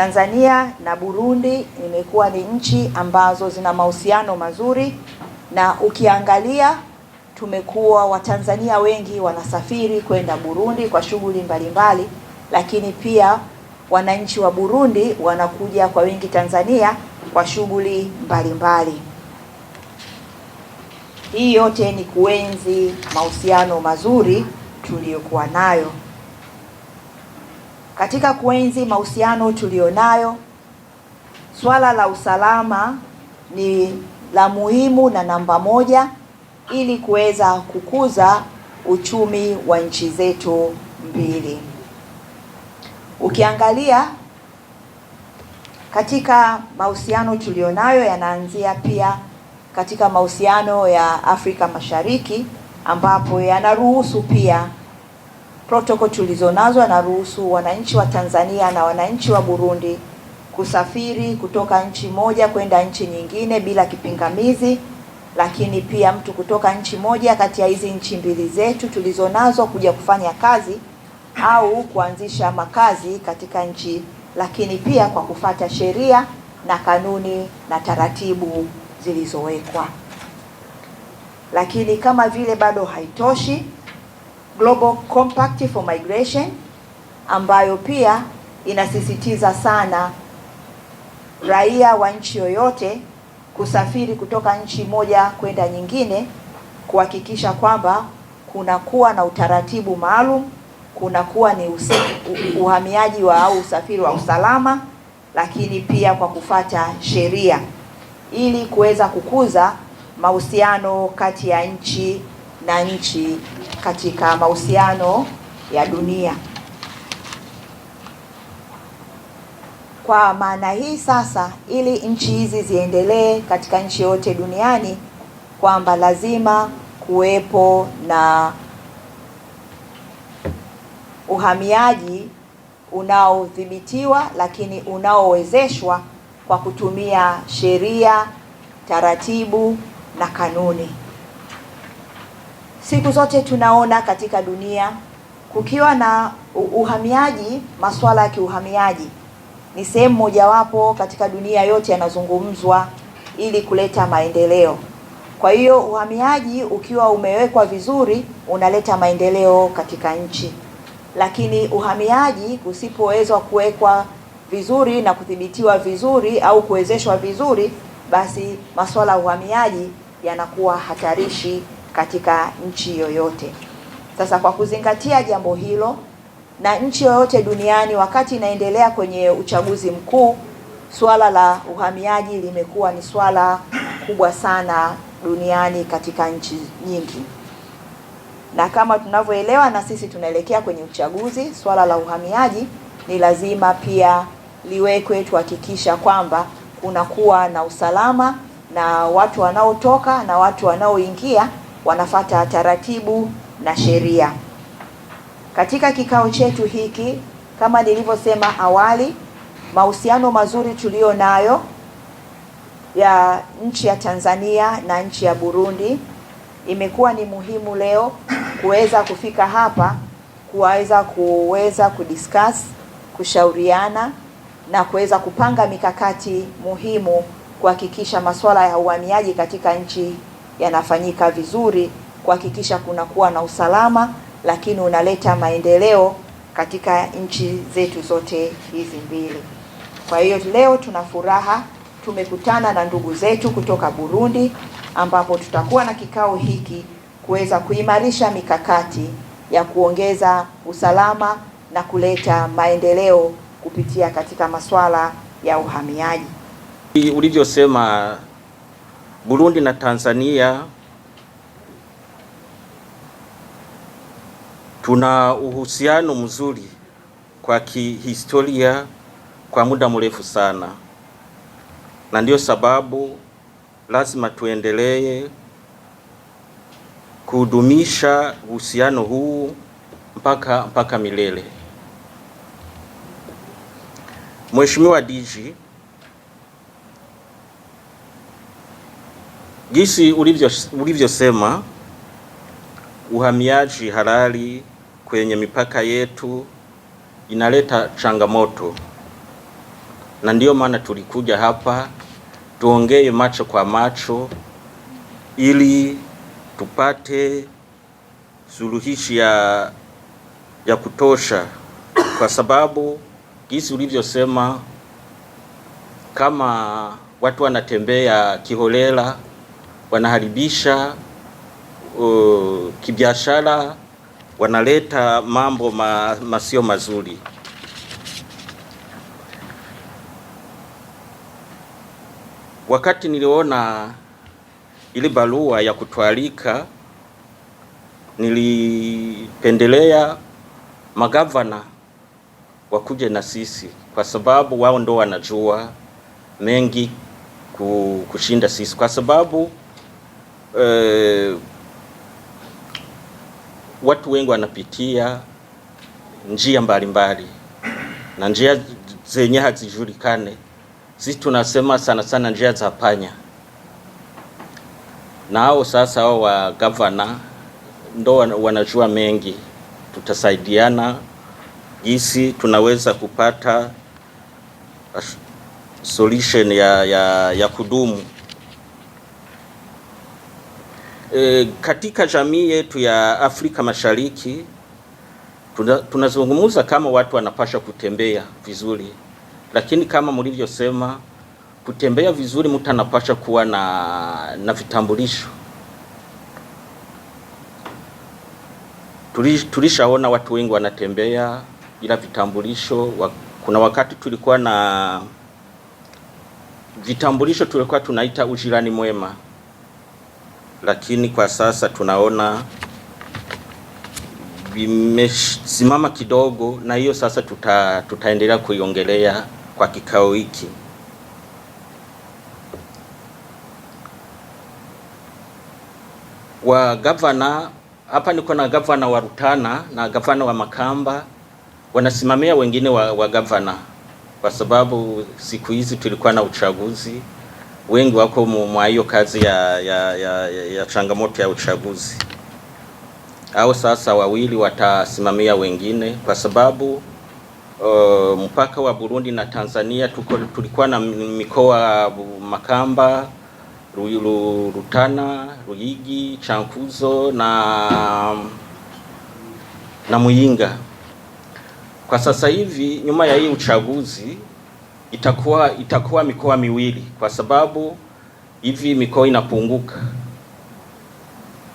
Tanzania na Burundi imekuwa ni nchi ambazo zina mahusiano mazuri, na ukiangalia tumekuwa Watanzania wengi wanasafiri kwenda Burundi kwa shughuli mbalimbali, lakini pia wananchi wa Burundi wanakuja kwa wingi Tanzania kwa shughuli mbalimbali. Hii yote ni kuenzi mahusiano mazuri tuliyokuwa nayo katika kuenzi mahusiano tulionayo, swala la usalama ni la muhimu na namba moja ili kuweza kukuza uchumi wa nchi zetu mbili. Ukiangalia katika mahusiano tulionayo yanaanzia pia katika mahusiano ya Afrika Mashariki ambapo yanaruhusu pia protokoli tulizonazo anaruhusu wananchi wa Tanzania na wananchi wa Burundi kusafiri kutoka nchi moja kwenda nchi nyingine bila kipingamizi, lakini pia mtu kutoka nchi moja kati ya hizi nchi mbili zetu tulizonazo kuja kufanya kazi au kuanzisha makazi katika nchi, lakini pia kwa kufata sheria na kanuni na taratibu zilizowekwa. Lakini kama vile bado haitoshi Global Compact for Migration ambayo pia inasisitiza sana raia wa nchi yoyote kusafiri kutoka nchi moja kwenda nyingine, kuhakikisha kwamba kunakuwa na utaratibu maalum, kunakuwa ni usi, uhamiaji wa au usafiri wa usalama, lakini pia kwa kufata sheria ili kuweza kukuza mahusiano kati ya nchi na nchi katika mahusiano ya dunia. Kwa maana hii sasa, ili nchi hizi ziendelee katika nchi yote duniani, kwamba lazima kuwepo na uhamiaji unaodhibitiwa, lakini unaowezeshwa kwa kutumia sheria, taratibu na kanuni. Siku zote tunaona katika dunia kukiwa na uhamiaji, masuala ya kiuhamiaji ni sehemu mojawapo katika dunia yote yanazungumzwa ili kuleta maendeleo. Kwa hiyo uhamiaji ukiwa umewekwa vizuri unaleta maendeleo katika nchi, lakini uhamiaji usipowezwa kuwekwa vizuri na kudhibitiwa vizuri au kuwezeshwa vizuri, basi masuala ya uhamiaji yanakuwa hatarishi katika nchi yoyote. Sasa kwa kuzingatia jambo hilo, na nchi yoyote duniani wakati inaendelea kwenye uchaguzi mkuu, swala la uhamiaji limekuwa ni swala kubwa sana duniani katika nchi nyingi, na kama tunavyoelewa na sisi tunaelekea kwenye uchaguzi, swala la uhamiaji ni lazima pia liwekwe, tuhakikisha kwamba kunakuwa na usalama na watu wanaotoka na watu wanaoingia wanafata taratibu na sheria. Katika kikao chetu hiki, kama nilivyosema awali, mahusiano mazuri tuliyo nayo ya nchi ya Tanzania na nchi ya Burundi imekuwa ni muhimu leo kuweza kufika hapa kuweza kuweza kudiscuss, kushauriana na kuweza kupanga mikakati muhimu kuhakikisha masuala ya uhamiaji katika nchi yanafanyika vizuri kuhakikisha kunakuwa na usalama, lakini unaleta maendeleo katika nchi zetu zote hizi mbili. Kwa hiyo leo tuna furaha tumekutana na ndugu zetu kutoka Burundi ambapo tutakuwa na kikao hiki kuweza kuimarisha mikakati ya kuongeza usalama na kuleta maendeleo kupitia katika masuala ya uhamiaji. Ulivyosema Burundi na Tanzania tuna uhusiano mzuri kwa kihistoria kwa muda mrefu sana, na ndiyo sababu lazima tuendelee kudumisha uhusiano huu mpaka mpaka milele. Mheshimiwa Diji gisi ulivyosema ulivyo uhamiaji halali kwenye mipaka yetu inaleta changamoto, na ndiyo maana tulikuja hapa tuongee macho kwa macho ili tupate suluhishi ya, ya kutosha, kwa sababu gisi ulivyosema, kama watu wanatembea kiholela wanaharibisha uh, kibiashara, wanaleta mambo ma, masio mazuri. Wakati niliona ili barua ya kutwalika, nilipendelea magavana wakuje na sisi, kwa sababu wao ndo wanajua mengi kushinda sisi, kwa sababu eh, watu wengi wanapitia njia mbalimbali mbali, na njia zenye hazijulikane. Sisi tunasema sana sana njia za panya, na hao sasa hao wa gavana ndo wanajua mengi. Tutasaidiana jinsi tunaweza kupata solution ya, ya, ya kudumu. E, katika jamii yetu ya Afrika Mashariki tunazungumza tuna kama watu wanapasha kutembea vizuri, lakini kama mlivyosema, kutembea vizuri mtu anapasha kuwa na, na vitambulisho. Tulishaona watu wengi wanatembea bila vitambulisho. Kuna wakati tulikuwa na vitambulisho tulikuwa tunaita ujirani mwema lakini kwa sasa tunaona vimesimama kidogo, na hiyo sasa tuta, tutaendelea kuiongelea kwa kikao hiki. wa gavana hapa niko na gavana wa Rutana na gavana wa Makamba wanasimamia wengine wa, wa gavana kwa sababu siku hizi tulikuwa na uchaguzi wengi wako mwa hiyo kazi ya, ya, ya, ya changamoto ya uchaguzi, au sasa wawili watasimamia wengine, kwa sababu uh, mpaka wa Burundi na Tanzania tuko, tulikuwa na mikoa Makamba, Rutana, Ruyigi, Chankuzo na na Muyinga. Kwa sasa hivi nyuma ya hii uchaguzi itakuwa itakuwa mikoa miwili, kwa sababu hivi mikoa inapunguka,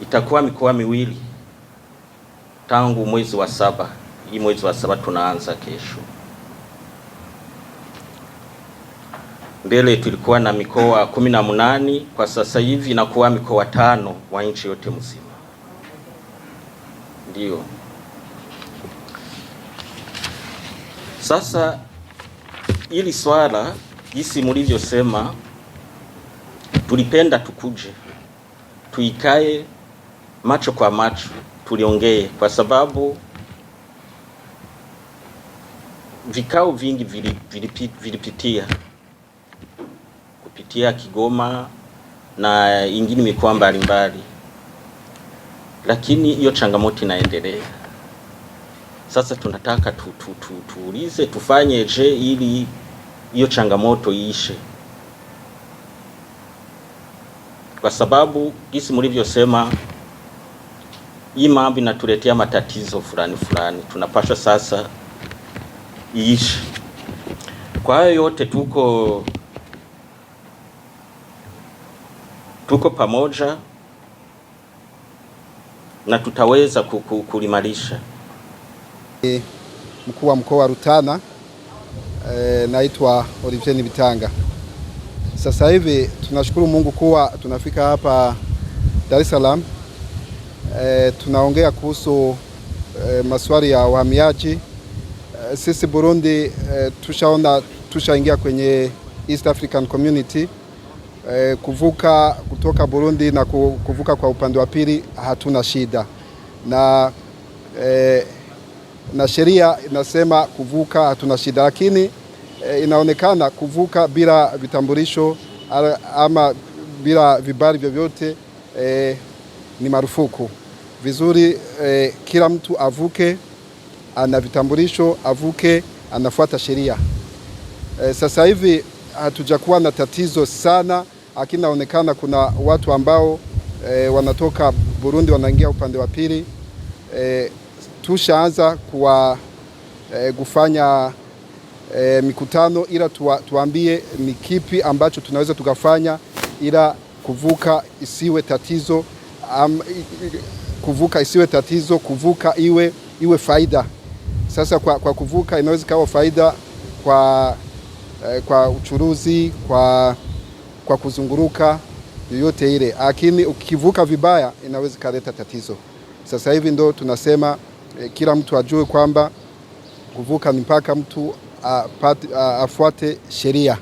itakuwa mikoa miwili tangu mwezi wa saba. Hii mwezi wa saba tunaanza kesho. Mbele tulikuwa na mikoa kumi na munane, kwa sasa hivi inakuwa mikoa tano wa nchi yote mzima. Ndio sasa Hili swala jinsi mlivyosema, tulipenda tukuje tuikae macho kwa macho tuliongee, kwa sababu vikao vingi vilipitia kupitia Kigoma na ingine mikoa mbalimbali, lakini hiyo changamoto inaendelea. Sasa tunataka tu, tu, tu, tuulize tufanye je ili hiyo changamoto iishe, kwa sababu jinsi mlivyosema hii mambo inatuletea matatizo fulani fulani, tunapaswa sasa iishe. Kwa hayo yote tuko tuko pamoja na tutaweza kulimalisha. Mkuu wa mkoa wa Rutana e, naitwa Olivier Bitanga. Sasa hivi tunashukuru Mungu kuwa tunafika hapa Dar es Salaam e, tunaongea kuhusu e, maswali ya uhamiaji e, sisi Burundi e, tushaona tushaingia kwenye East African Community e, kuvuka kutoka Burundi na kuvuka kwa upande wa pili hatuna shida na e, na sheria inasema kuvuka hatuna shida, lakini e, inaonekana kuvuka bila vitambulisho ama bila vibali vyovyote e, ni marufuku. Vizuri e, kila mtu avuke ana vitambulisho, avuke anafuata sheria. E, sasa hivi hatujakuwa na tatizo sana, lakini inaonekana kuna watu ambao e, wanatoka Burundi wanaingia upande wa pili e, tushaanza kuwa e, kufanya e, mikutano ila tuwa, tuambie ni kipi ambacho tunaweza tukafanya ila kuvuka isiwe tatizo am, kuvuka isiwe tatizo, kuvuka iwe, iwe faida. Sasa kwa, kwa kuvuka inaweza kawa faida kwa, eh, kwa uchuruzi kwa, kwa kuzunguruka yoyote ile, lakini ukivuka vibaya inaweza kaleta tatizo. Sasa hivi ndo tunasema e, kila mtu ajue kwamba kuvuka mipaka mtu ah, ah, afuate sheria.